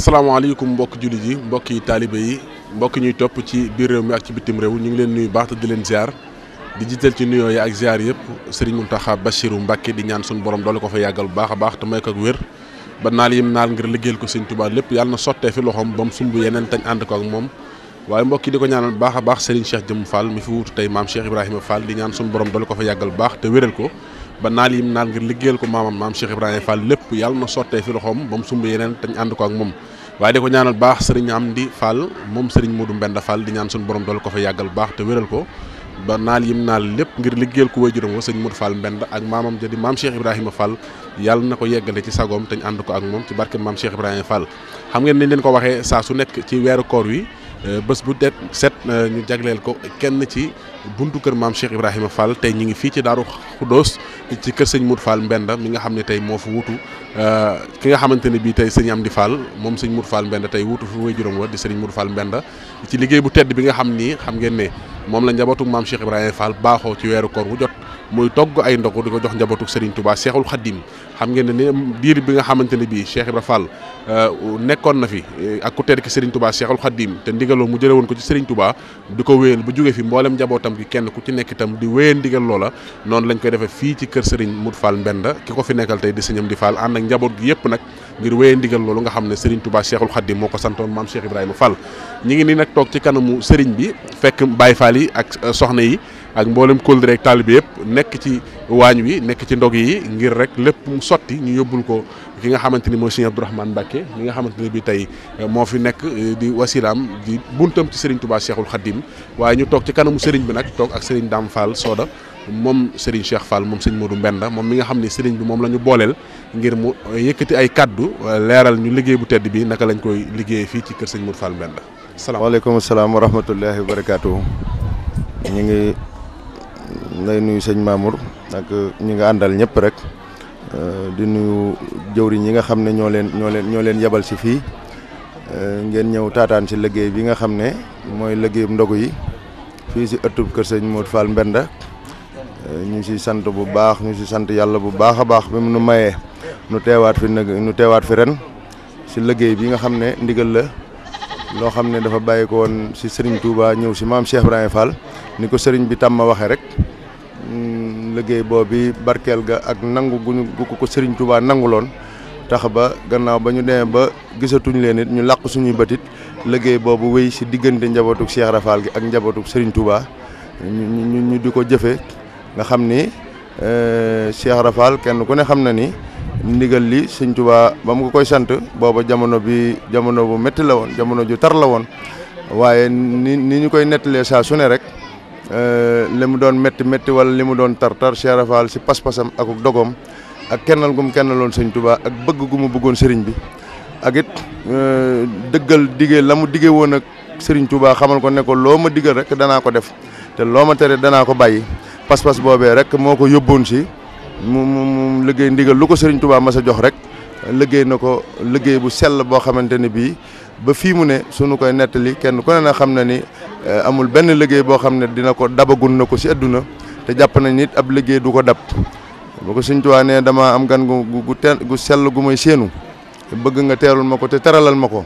asalaamaaleykum mbokk jullit yi mbokk yi taalibe yi mbokk ñuy topp ci biir réew mi ak ci bitim réew ñu ngi leen nuyu baax te di leen ziar di jiital ci nuyoo yi ak ziar yëpp sëriñ Mountakha Bachirou Mbacké di ñaan suñu borom doole ko fa yàggal bu baax a baax te may ko ak wér ba naal yim naal ngir liggéeyal ko sëñ Tuubaa lépp yàlla na sottee fi loxoom ba mu sumb yeneen tañ ànd ko ak moom waaye mbokk yi di ko ñaanal baax a baax sëriñ Cheikh Jëm Fall mi fi wuutu tey maam Cheikh Ibrahima Fall di ko fa yàggal bu baax te ko ba naal yim naal ngir liggéeyal ko maamam maam Cheikh Ibrahima Fall lépp yàlla na sottee fi loxoom ba mu sumb yeneen te ñu ànd ko ak moom waaye di ko ñaanal baax sëriñ Amdi Fall moom sëriñ Modou Mbenda Fall di ñaan suñ borom dool ko fa yàggal baax te wéral ko ba naal yim naal lépp ngir liggéeyal ko waajuram wa sëriñ Modou Fall Mbenda ak maamam ja di maam Cheikh Ibrahima Fall yàlla na ko yeggale ci sagoom te ñu ànd ko ak moom ci barke maam Cheikh Ibrahima Fall xam ngeen ni leen ko waxee saa su nekk ci weeru koor wi Euh, bés bu det set euh, ñu jagleel ko kenn ci buntu kër maam Cheikh Ibrahima Fall tey ñu ngi fii ci Daaru Xuddoos ci kër sëñ Mour Fall Mbenda mi nga xam ne tey moo fi wutu euh, ki nga xamante ne bii tey sëñ am di Fall moom sëñ Mour Fall Mbenda tey wutu fi way juróom wa di sëriñ Mour Fall Mbenda ci liggéey bu tedd bi nga xam ni xam ngeen ne moom la njabootu maam Cheikh Ibrahima Fall baaxoo ci weeru koor wu jot muy togg ay ndogu di ko jox njabootu Serigne Touba Cheikhul Khadim xam ngeen ne diir bi nga xamante ne bii Cheikh Ibra Fall euh, nekkoon na fi euh, ak ku tedd ki Serigne Touba Cheikhul Khadim te ndigaloo mu jëlee woon ko ci Serigne Touba di ko wéyal ba jógee fi mboolem njabootam gi kenn ku ci nekk itam di wéyal ndigal la noonu lañ koy defee fii ci kër Serigne Mout Fall Mbenda ki ko fi nekkal tey di sëñam di Fall ànd ak njaboot gi yëpp nag ngir wéyal ndigal loolu nga xam ne Serigne Touba Cheikhul Khadim moo ko santoon maam Cheikh Ibrahima Fall ñi ngi ni nag toog ci kanamu Serigne bi fekk Baye Fall yi ak euh, soxna yi ak mboolem kóllëre ak taalibe yëpp nekk ci waañ wi nekk ci ndog yi ngir rek lépp mu sotti ñu yóbbul ko ki nga xamante ni mooy Serigne Abdourahmane Mbacké mi nga xamante ne bi tey eh, moo fi nekk eh, di wasilaam di buntam ci Serigne Touba Cheikhul Khadim waaye ñu toog ci kanamu Serigne bi nag toog ak Serigne Dame Fall Soda moom Serigne Cheikh Fall moom sëñ Modou Mbenda moom mi nga xam ne sëriñ bi moom la ñu booleel ngir mu eh, yëkkati ay kaddu leeral ñu liggéey bu tedd bi naka lañ koy liggéeyee fii ci kër sëñ Modou Fall Mbenda. salaam waaleykum salaam wa rahmatullahi wa barakaatu. lay nuyu sëñ Mamour ak ñi nga àndal ñëpp rek euh, di nuyu jëwriñ yi nga xam ne ñoo leen ñoo leen ñoo leen yebal si fii euh, ngeen ñëw taataan si liggéey bi nga xam ne mooy liggéeyub ndogu yi fii si ëttub kër sëñ Modou Fall Mbenda euh, ñu ngi siy sant bu baax ñu si sant yàlla bu baax a baax bi mu nu mayee nu teewaat fi nag nu teewaat fi ren si liggéey bi nga xam ne ndigal la loo xam ne dafa bàyyi ko si Serigne Touba ñëw si maam Cheikh Ibrahima Fall ni ko Serigne bi tàmm waxe rek. Mm, liggéey boobu barkeel ga ak nangu guñu gu ko sëriñ Touba nanguloon tax ba gannaaw ba ñu demee ba gisatuñ leen it ñu làq suñuy batit liggéey boobu wéy si diggante njabootuk Cheikh Rafal gi ak njabootuk Serigne Touba ñu ñu di ko jëfe nga xam ni eh, Cheikh Rafal kenn ku ne xam na ni ndigal li Serigne Touba ba mu ko koy sant booba jamono bi jamono bu métti la woon jamono ju tar la woon waaye ni ni ñu koy nettalee saa su rek Euh, li mu doon métti métti wala li mu doon tar-tar Cheikh Rafal si pas-pasam ak dogoom ak kennal gum kennaloon sëñ tubaa ak bëgg gu mu bëggoon sëriñ bi ak it euh, dëggal digee la mu digee woon ak sëriñ tubaa xamal ko ne ko loo ma digal rek danaa ko def te loo ma tere danaa ko bàyyi pas-pas boobee rek moo ko yóbboon si mu mu liggéey ndigal lu ko sëriñ Touba mas a jox rek liggéey na ko liggéey bu sell boo xamante ne bii ba fii mu ne suñu koy nettali kenn ku xam na ni Euh, amul benn liggéey boo xam ne dina ko dabagun na ko si àdduna te jàpp nañ nit ab liggéey du ko dab boo ko Sëñ Tuubaa nee dama am gan gu gu gu sell gu may séenu bëgg nga teerul ma ko te teralal ma ko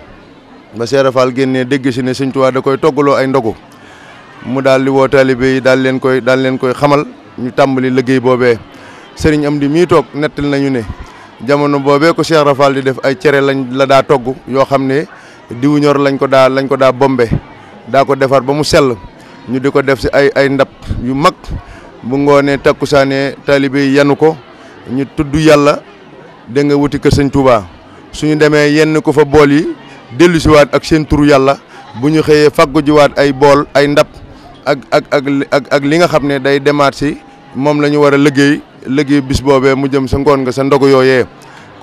ba Seera Faal génnee dégg si ne Sëñ da koy toggaloo ay ndogu mu daal di woo taalibe yi daal leen koy daal leen koy xamal ñu tàmbali liggéey boobee sëriñ am di mii toog nettal nañu ne jamono boobee ko Seera Faal di def ay cere lañ la daa togg yoo xam ne diwu ñor lañ ko daa lañ ko daa bombe da ko defar ba mu sel ñu diko def ci ay ay ndab yu mag bu ngone takusané talibé yanu ko ñu tuddu yalla de nga wuti ke sëñ Touba suñu démé yenn ko fa bol yi ci wat ak seen turu yalla bu ñu xëyee faggu wat ay bol ay ndab ak ak ak ak li nga xamné day demaat ci mom lañu wara liggéey liggéey bis bobé mu jëm sa ngone nga sa ndogu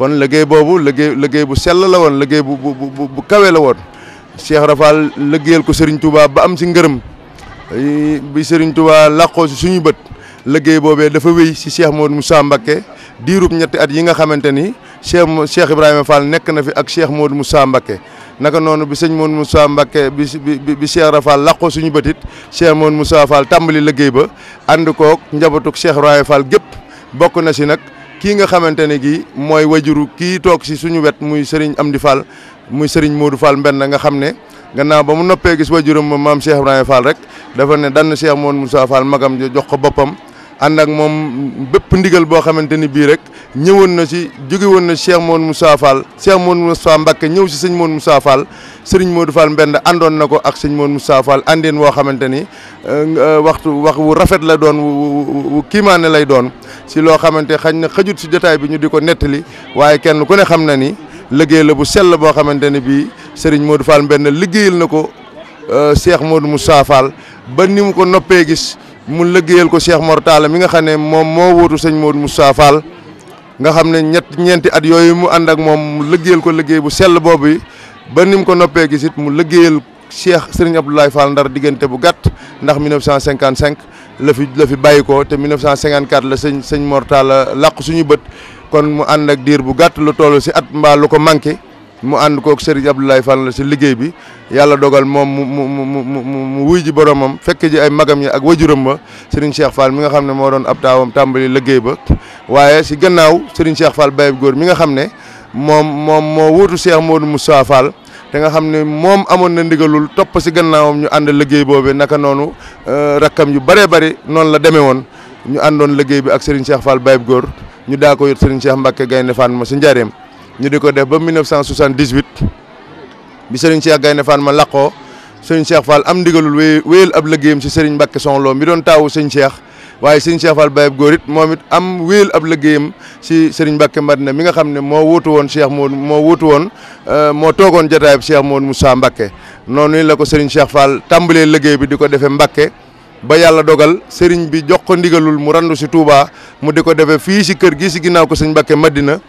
kon liggéey bobu liggéey liggéey bu sel la won liggéey bu bu bu bu la won cheikh rafal leggeel ko serigne touba ba am ci ngeureum bi serigne touba làqoo ci suñu beut leggey bobé dafa wéy ci cheikh Modou Moussa Mbacké dirup ñett at yi nga xamanteni cheikh cheikh ibrahima fall nek na fi ak cheikh Modou Moussa Mbacké naka nonu bi serigne Modou Moussa Mbacké bi bi bi cheikh rafal làqoo suñu beutit cheikh Modou Moussa fall tambali leggey ba and ko njabatuk cheikh ibrahima fall gep bokku na ci nak ki nga xamanteni gi moy wajuru ki tok ci suñu wet muy Serigne Amdi Fall muy Serigne Modou Fall Mbenn nga xamne gannaaw ba mu noppé gis waajuram mam Cheikh ibrahim Fall rek dafa ne dan Cheikh Modou Moussa Fall magam jox ko bopam and ak mom bepp ndigal bo xamanteni bi rek ñëwoon na ci jogi won na Cheikh Modou Moussa Fall Cheikh Modou Moussa mbacke ñew ci serigne Modou Moussa Fall Serigne Modou Fall Mbenn andon nako ak serigne Modou Moussa Fall andeen wo xamanteni euh, waxtu wax wu rafet la doon wu kimaane lay doon ci lo xamanteni xañ na xajut ci jotaay bi ñu diko netali waye kenn ku ne xamna ni liggéey la bu sell bo xamanteni bi Serigne Modou Fall ben liggéeyal nako ko euh, Cheikh Modou Moussa Fall ba ni ko noppé gis mu liggéeyal ko Cheikh Mor Talla mi nga xamné mom mo wotu serigne Modou Moussa Fall nga xamné ñet ñenti at yoy mu and ak mom mu liggéeyal ko liggéey bu sell bobu ba ni ko noppé gis it mu liggéeyal Cheikh Serigne Abdoulaye Fall ndar digënté bu gatt ndax 1955 la fi la fi bayiko té 1954 la serigne serigne Mor Talla làq suñu bët. kon mu ànd ak diir bu gàtt lu toll si at mbaa lu ko manqué mu ànd kook Serigne Abdoulaye Fall la si liggéey bi yàlla dogal moom mu mu mu mu wuy ji boromam fekk ji ay magam yi ak wajuram ba Serigne Cheikh Fall mi nga xam ne moo doon ab taawam tàmbali liggéey ba waaye si gannaaw Serigne Cheikh Fall Baye góor mi nga xam ne moom moom moo wuutu Cheikh Modou Moussa Fall te nga xam ne moom amoon na ndigalul topp si gannaawam ñu ànd liggéey boobu naka noonu euh, rakkam yu bëree bëri noonu la demee woon ñu àndoon liggéey bi ak Serigne Cheikh Fall Baye góor ñu daa ko yot Serigne Cheikh Mbacke Gaynde Fatma si Njaareem ñu di ko def ba 1978 bi Serigne Cheikh Gaynde ma laqoo Serigne Cheikh Fall am ndigalul wé wéyal ab liggéeyam si Serigne Mbacke Soxlo mi doon taawu Serigne Cheikh waaye Serigne Cheikh Fall Baye góor moom it am wéyal ab liggéeyam si Serigne Mbacke Madina mi nga xam ne moo wuutu woon Cheikh Modou moo wuutu woon euh, moo toogoon jotaayub Cheikh moo Moussa Mbacke noonu la ko Serigne Cheikh Fall tàmbalee liggéey bi di ko defee Mbacke. ba yàlla dogal sëriñ bi jox ko ndigalul mu randu si Touba mu di ko defee fii si kër gii si ginnaaw ko sëñ Mbacke Madina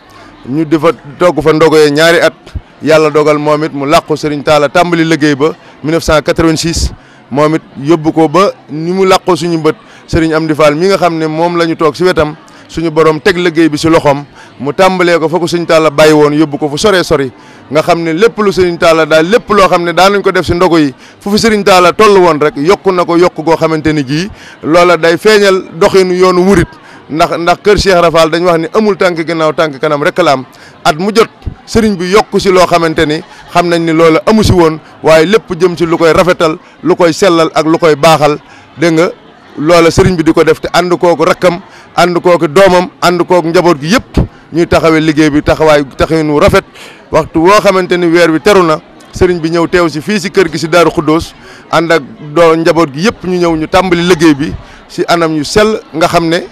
ñu di fa togg fa ndogoyee ñaari at yàlla dogal moom it mu làqu sëriñ taala tàmbali liggéey ba 1986 moom it yóbbu ko ba ni mu làqoo suñu bët sëriñ Amdi Fall mi nga xam ne moom la ñu toog si wetam suñu borom teg liggéey bi si loxoom mu tàmbalee ko fa ko sëñ Talla bàyyi woon yóbbu ko fu soree sori nga xam ne lu sëriñ Talla da lépp loo xam ne daanañ ko def si ndogu yi fu fi Talla toll woon rek yokku na ko go goo xamante gi gii loola day feeñal doxinu yoonu murit ndax ndax kër Cheikh Rafal dañ wax ni amul tànk ginnaaw tànk kanam rek la am at mu jot sëriñ bi yokku si loo xamante ni xam nañ ni loola amu si woon waaye jëm lu rafetal lu selal sellal ak lu koy baaxal dégg nga loola sëriñ bi di ko def te ànd kooku rakkam ànd kooku doomam ànd kooku njaboot gi yëpp ñuy taxawé liggéey bi taxaway taxé ñu rafet waxtu wo xamanteni wër bi wi sëriñ bi ñëw téw si fi ci kër gi si daru Xuddoos and ak do njabot gi yépp ñu ñëw ñu tambali liggéey bi si anam euh, ñu sel nga xamné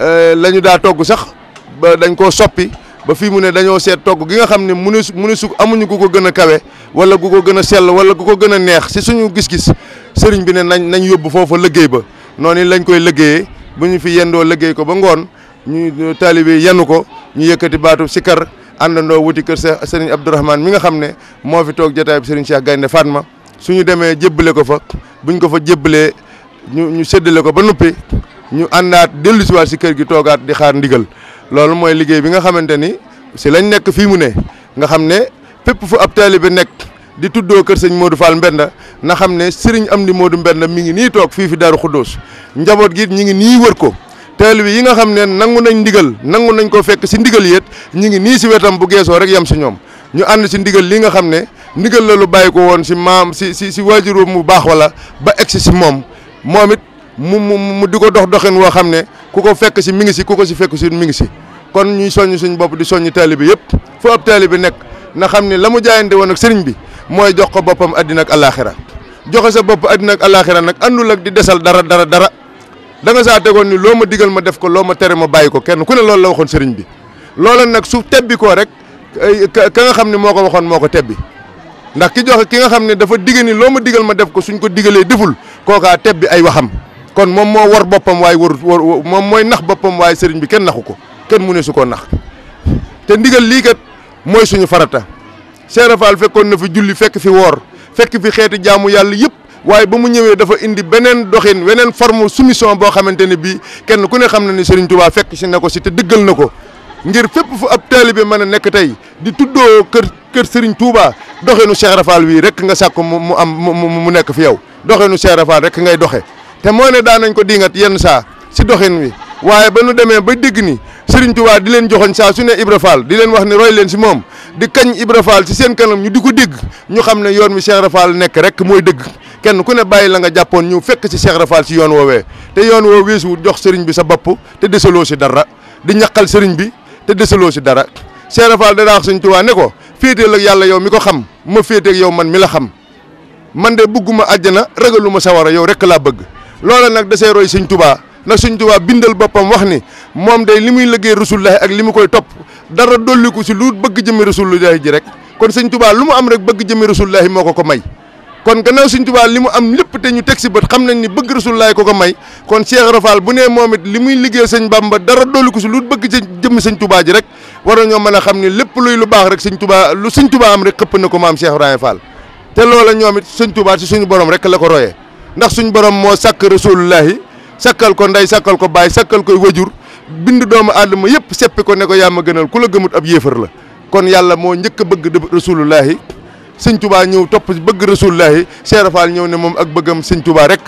euh lañu da togg sax ba dañ ko soppi ba fi mu né dañoo sét togg gi nga xamné mënu mënu su amuñu ku ko gën a wala ko wala ku ko neex si suñu gis-gis sëriñ bi né nañ nañ yobbu fofu liggéey ba noni lañ koy liggéey buñu fi yendo liggéey ko ba ngon ñu talibé yennu ko ñu yëkëti baatu sikar andando wuti kër Serigne Abdourahmane mi nga xamné mo fi tok jotaay bi Serigne Cheikh Gaynde Fatma suñu démé jébbale ko fa buñ ko fa jébbalee ñu ñu sédélé ko ba nuppé ñu andaat dellu ci waat ci kër gi togaat di xaar ndigal loolu moy liggéey bi nga xamante ni si lañ nekk fi mu né nga xamné pepp fu ab taalibe nekk di tuddo kër serigne Modou Fall Mbenda na xam Serigne Amdi Modou Mbenda mi ngi ni tok fi fi daru Xuddoos njabot gi ñi ngi ni wër ko taalibe yi nga xamne nangu nañ ndigal nangu nañ ko fekk ci ndigal yéet ñi ngi ni ci wetam bu gesso rek yam ci ñom ñu and si ndigal li nga xamne ndigal la lu bayiko won ci si ci si si wajiru mu bax wala ba ex ci mom momit mu mu mu dox doxen wo xamne kuko fekk si mi ngi si kuko ci fekk ci mi ngi ci kon ñuy soññ suñ bop di soññ taalibe yépp fu ab taalibe nek na xamne lamu jaayande won ak sëriñ bi moy jox ko bopam adina ak alakhirah joxe sa bop adina ak alakhirah nak andul ak di dessal dara dara dara da nga saa tegoon ni loo ma digal ma def ko loo ma tere ma bàyyi ko kenn ku ne lool la waxoon sëriñ bi loola nag su tebbi ko rek ka nga xam ne moo ko waxoon moo ko tebbi ndax ki joxe ki nga xam ne dafa digg ni loo ma digal ma def ko suñ ko digalee deful kookaa tebbi ay waxam kon moom moo war boppam waaye warut war moom mooy nax boppam waaye sëriñ bi kenn naxu ko kenn mu ne su ko nax te ndigal lii kat mooy suñu farata Cheikh Rafal fekkoon na fi julli fekk fi woor fekk fi xeeti jaamu yàlla yëpp waye bamu ñëwé dafa indi benen doxine wenen forme soumission bo xamanteni bi, kenn ku ne xamna ni Serigne Touba fekk nako. nako ci te deggal nako ngir fépp fu ab talibé mëna nek tay di tuddo kër kër Serigne Touba doxenu Cheikh Rafal wi rek nga sakku mu am mu nek fi yow doxenu Cheikh Rafal rek ngay té mo né ne nañ ko dingat yenn sa, si doxine wi waye ba nu demee ba dégg ni Serigne Touba di leen joxoñ sa su ne Ibra Fall di leen wax ni roy leen ci mom di kagn Ibra Fall ci seen kanam ñu diko dégg ñu xam yoon mi Cheikh Rafal nek rek moy dëgg kenn ku ne bàyyi la nga jàppoon ñu fekk ci Cheikh Rafal ci yoon woowee te yoon woo weesu jox sëriñ bi sa bopp te desaloo si dara di ñaqal sëriñ bi te desaloo si dara Cheikh Rafal da daax sëñ Tuubaa ne ko féeteel ak yàlla yow mi ko xam ma féetee ak yow man mi la xam man de bëgguma àjjana ragaluma sawara yow rek laa bëgg loola nag dasee roy sëñ Tuubaa ndax sëñ Tuubaa bindal boppam wax ni moom day li muy liggéey Rasulullaahi ak li mu koy topp dara dolliku si lu bëgg jëmi Rasulullaahi ji rek kon sëñ Tuubaa lu mu am rek bëgg jëmi Rasulullaahi moo ko ko may kon gannaaw Sëñ Tuubaa li mu am lépp te ñu teg si bët xam nañ ni bëgg Rasulullaay ko ko may kon Cheikh Rafal bu nee moom it li muy liggéey sëñ Bamba dara dolli ko si lu bëgg sa jëmmi Sëñ ji rek war nañoo mën a xam ni lépp luy lu baax rek Sëñ Tuubaa lu suñ tubaa am rek xëpp na ko maam Cheikh Ibrahima Fall te loola ñoom it Sëñ Tuubaa si suñu borom rek la ko royee ndax suñu borom moo sàkk Rasulullaay sakkal ko ndey sakkal ko baay sakkal koy wajur bind doomu aadama yëpp seppi ne ko yaa ma gënal ku la gëmut ab la kon yàlla moo njëkk a bëgg rasulullahi sëñ tubaa ñëw topp bëgg rasulullahi Cheikh Fall ñëw ne moom ak bëggam sëñ tubaa rek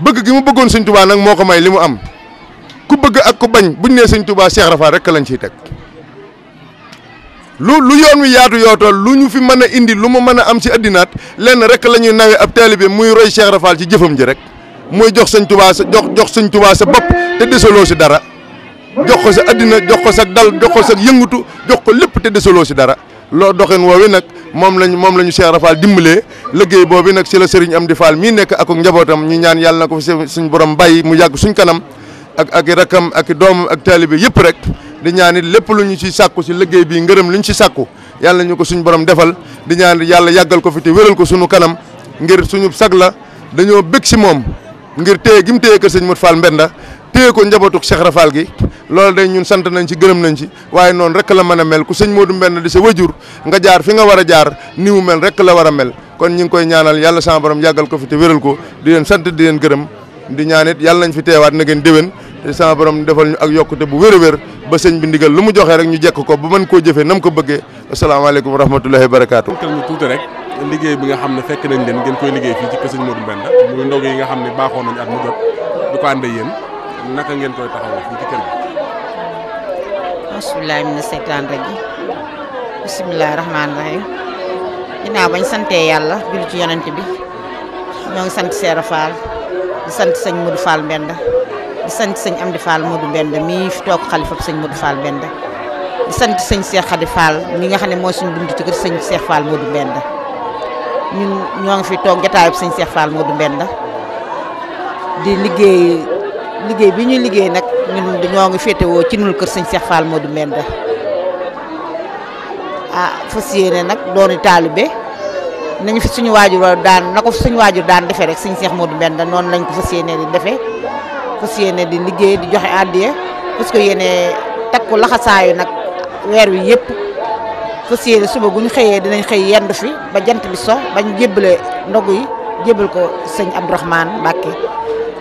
bëgg gi mu bëggoon sëñ tubaa nag moo ko may li mu am ku bëgg ak ku bañ buñ nee sëñ tubaa Cheikh Fall rek lañ ciy teg lu lu yoon wi yaatu yootool lu ñu fi mën a indi lu mu mën a am si addinaat lenn rek la ñuy nawee ab taalibe muy roy Cheikh Fall ci jëfam ji rek muy jox sëñ tubaa sa jox jox sëñ tubaa sa bopp te desaloo si dara jox ko sa addina jox ko sa dal jox ko sa yëngutu jox ko lépp te si dara loo doxin woowi nag moom lañ moom la ñu Cheikh Rafal dimbalee liggéey boobu nag ci la Serigne Amdi Fall mii nekk ak njabootam ñu ñaan yàlla na ko fi suñ borom bàyyi mu yàgg suñ kanam ak ak rakam ak doomam ak taalibe yëpp rek di lépp lu ñu ci sàkku ci liggéey bii ngërëm lu ñu ci sàkku yàlla ñu ko suñ borom defal di ñaan yàlla yàggal ko fi te wéral ko suñu kanam ngir suñu sag la dañoo bëgg ci moom ngir téye gi mu téye kër sëñ Modou Fall Mbenda téye ko njabootu Cheikh Rafal gi loolu day ñun sant nañ ci gërëm nañ ci waaye noonu rek la mën a mel ku sëñ Modou Mbène di sa wajur nga jaar fi nga war a jaar ni mu mel rek la war a mel kon ñu ngi koy ñaanal yàlla sama borom yàggal ko fi te wéral ko di leen sant di leen gërëm di ñaanit yàlla nañ fi teewaat na ngeen déwén te borom defal ñu ak yokkute bu wér a wér ba sëñ bi ndigal lu mu joxee rek ñu jekk ko ba mën koo jëfee nam ko bëggee asalaamaaleykum wa rahmatulahi wa barakaatu. ñu tuuti rek liggéey bi nga xam ne fekk nañ leen ngeen koy liggéey fii ci kër sëñ Modou Mbène muy ndog ne baaxoo nañ at mu jot du ko yéen naka ngeen koy taxawoo bismillahi mina seytaan rajim bismillahi rahmaani rahim ginnaaw bañ santee yàlla julli ci yonent bi ñoo ngi sant Seera Fall di sant sëñ Modou Fall Benda di sant sëñ Amdi Fall Modou Benda mii fi toog xalifa sëñ Modou Fall Mbenda di sant sëñ Cheikh Khady Fall mi nga xam ne suñu dund ci kër sëñ Cheikh Fall Modou Mbenda ñun ñoo ngi fi Cheikh Fall Modou di liggéey liggéey bi ñuy liggéey ñun ñoo ngi féetewoo ci nul kër sëñ Cheikh Fall Modou Mbenda ah fas yéene nag dooni taalibe nañu fi suñu waajur daan na ko suñu waajur daan defe rek seex Cheikh Modou Mbenda noonu lañ ko fas yéene di defee fas yéene di liggéey di joxe àddiya fas ko yéene takku laxasaayu nag weer wi yëpp fas yéene suba gu ñu xëyee dinañ xëy yendu fi ba jant bi so bañ jébbale ndogu yi jébbal ko sëñ Abdourahmane Mbacke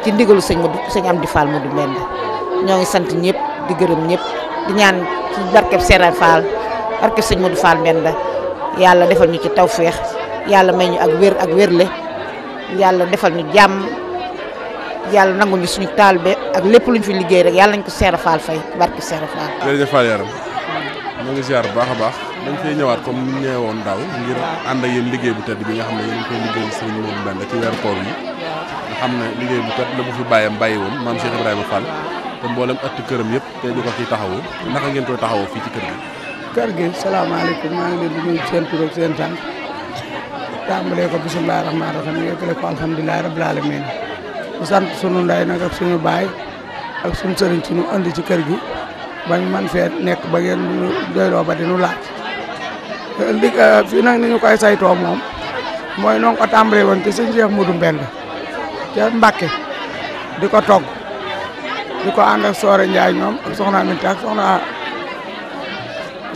ci ndigalu sëñ Modou sëñ Amdi Fall Modou ñoo ngi sant ñëpp di gërëm ñëpp di ñaan ci barkeb Serigne Fall barkeb sëñ Modou Fall Mbenda yàlla defal ñu ci tawféex yàlla may ñu ak wér ak wérle yàlla defal ñu jàmm yàlla nangu ñu suñu be ak lépp lu luñ fi liggéey rek yàlla nañ ko Serigne Fall fay barkeb Serigne Fall. jërëjëf Fall yaram ñoo ngi ziar bu baax a baax dañ fay ñëwaat comme ñu ñëwee woon daaw ngir ànd ak yéen liggéey bu tedd bi nga xam ne yéen koy liggéeyal sëñ Modou Mbenda ci weeru koor yi nga xam ne liggéey bu tedd la bu fi bàyyam bàyyi woon maam te mboolem ëtt këram yëpp te ñu ko ciy naka ngeen koy taxawoo fii ci kër gi. kër gi salaamaaleykum maa ngi di nuyu seen tur ak seen sant ko bisimilah rahmaani rahiim ko rabbil alamin sant sunu ak ak sëriñ andi ci kër gi bañ man fee nekk ba ngeen doyloo ba dinu laaj li eh, fii nag ni ñu koy saytoo moom mooy noo ko tàmbalee woon ci sëñ Cheikh Modou di togg ñu ko ànd ak Soore Ndiaye ñoom ak soxna Aminta ak soxna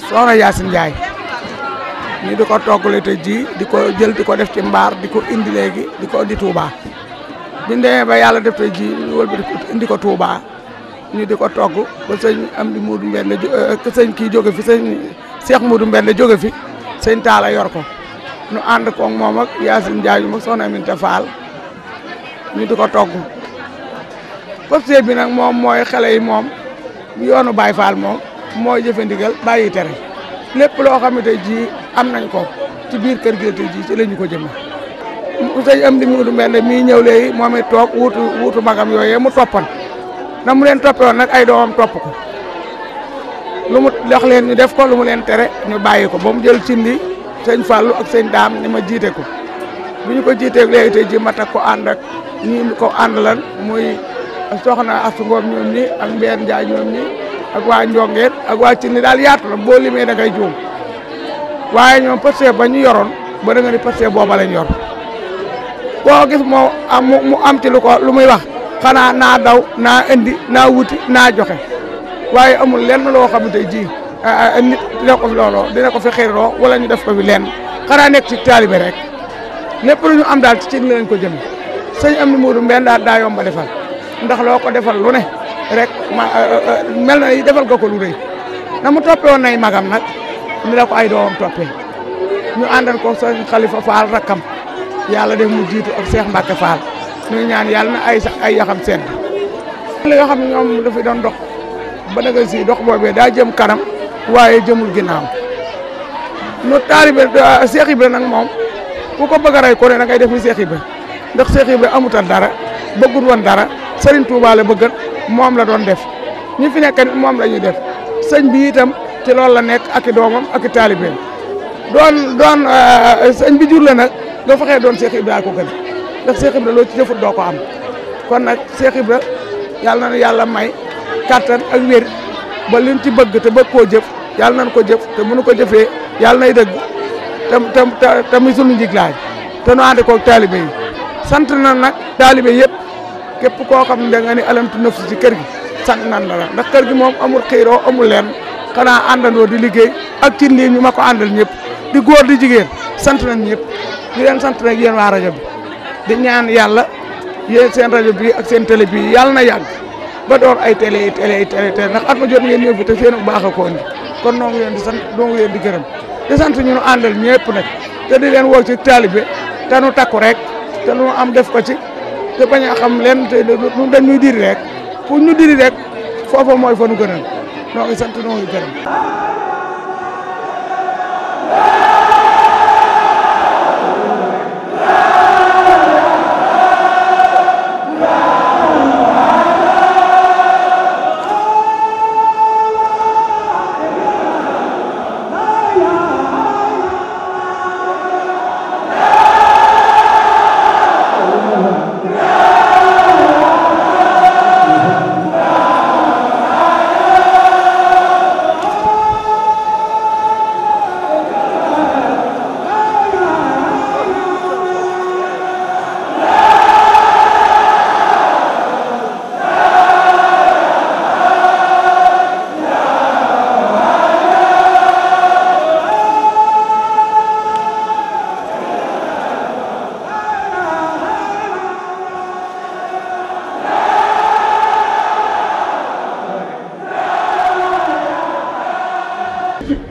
soona Yacine Ndiaye ñu di ko toggale te ji di ko jël di ko def ci mbaar di ko indi léegi di ko di Touba biñ demee ba yàlla def te ji ñu wël bi indi ko Touba ñu di ko togg ba sëñ am di Modou Mbende euh, sëñ kii jóge fi sëñ Cheikh Modou Mbende jóge fi sëñ Talla yor ko ñu ànd koog moom ak Yacine Ndiaye ñu mag soxna ñu di ko togg pëstee bi nag moom mooy xale yi moom yoonu Baye Fall moom mooy jëfe ndigal bàyyi tere lépp loo xamante ji am nañ ko ci biir kër gi ji la ñu ko jëme sëñ am di mu udu mbende mii ñëw léegi moom it toog wuutu wuutu magam yooyee mu toppan na mu leen toppee nag ay doomam topp ko lu mu dox leen ñu def ko lu mu leen tere ñu bàyyi ko ba mu jël cindi sëñ Fallou ak sëñ Daam ni ma jiite ko bu ñu ko jiitee léegi te ji ma takk ko ànd ak ñi ko ànd lan muy soxna Astu Ngom ñoom ñi ak Mbeer Njaay ñi ak waa Njongeet ak waa Cinni daal yaatu la boo limee da ngay juum waaye ñoom Pastef ba ñu yoroon ba da nga ni Pastef booba lañ yor koo gis moo am mu am ci lu ko lu muy wax xanaa naa daw naa indi naa wuti naa joxe waaye amul lenn loo xamante ji nit dina ko fi looloo dina ko fi xëyroo wala ñu def ko fi lenn xanaa nekk ci taalibe rek lépp lu ñu am daal ci cin lañ ko jëme sëñ am ni muuru mbenn daal daa yomba defal ndax loo ko defal lu ne rek ma euh, euh, euh, mel na defal nga ko lu rëy na mu toppee woon nay magam nag ni la ko ay doomam toppee ñu àndal ko sëñ Khalifa Fall rakkam yàlla def mu jiitu ak seex Mbacke Fall ñu ñaan yàlla na ay ay yaxam seen la yoo xam ne ñoom dafa doon dox ba nga si dox boobee daa jëm kanam waaye jëmul ginnaaw no taalibe Cheikh Ibra nag moom ku ko bëgg a rey ko ne da ngay def ni Cheikh Ibra ndax Cheikh Ibra amutal dara bëggul woon dara Serigne Touba la moom la doon def ñi fi nekk moom la ñuy def sëñ bi itam ci loolu la nekk ak i doomam ak i taalibeem doon doon euh, sëñ bi jur la nag nga fexee doon Cheikh Ibra ko gën ndax Cheikh Ibra loo ci jëfut doo ko am kon nag Cheikh Ibra yàlla na yàlla may kattan ak wér ba liñ ci bëgg te bëgg koo jëf yàlla nañ ko jëf te mënu ko jëfee yàlla nay dëgg te te te muy sunu njiglaay te nu ànd koog taalibe yi sant na nag yëpp. képp koo xam ne nga ni alamtu nëf si ci kër gi sant nan la ndax kër gi moom amul xiiroo amul leen xanaa àndandoo di liggéey ak ci ndiim ñu ma ko àndal ñëpp di góor di jigéen sant nañ ñëpp di leen sant nag yéen waa rajo bi di ñaan yàlla yéen seen rajo bi ak seen télé bi yàlla na yàgg ba door ay télé ay télé ay télé télé ndax at ma jot ngeen ñëw fi te seen bu baax a ko kon noo ngi leen di sant noo ngi leen di gërëm di sant ñu àndal ñëpp nag te di leen woo ci taalibe te nu takku rek te nu am def ko ci te bañ a xam leen te ñun dañ ñuy diri rek pour ñu diri rek foofa mooy fa nu gënal noo ngi sant noo ngi gërëm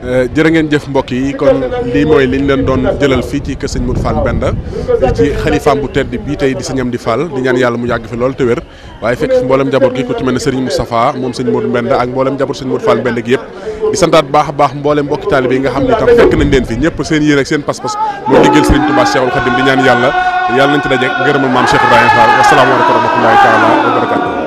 Eh, jërë ngeen jëf mbokk yi kon li moy liñ leen doon jëlal fi ci kër sëñ Modou Fall benda eh, ci khalifa bu tedd bi tay di sëñ Amdi Fall di ñaan yalla mu yagg fi lool te wër waye fekk ci mbolam jabor gi ku ci melni Serigne Moustapha mom sëñ Modou benda ak mbolam jabor sëñ Modou Fall benda gi yëpp di santat bax bax mbolam mbokk talib yi nga xam ne fekk nañ leen fi ñepp seen yi rek seen pas-pas mo diggel Serigne Touba Cheikhul Khadim di ñaan yalla yalla nañ ci dajje ngërëmal mam Cheikh ibrahim Fall alaykum wa rahmatullahi wa barakatuh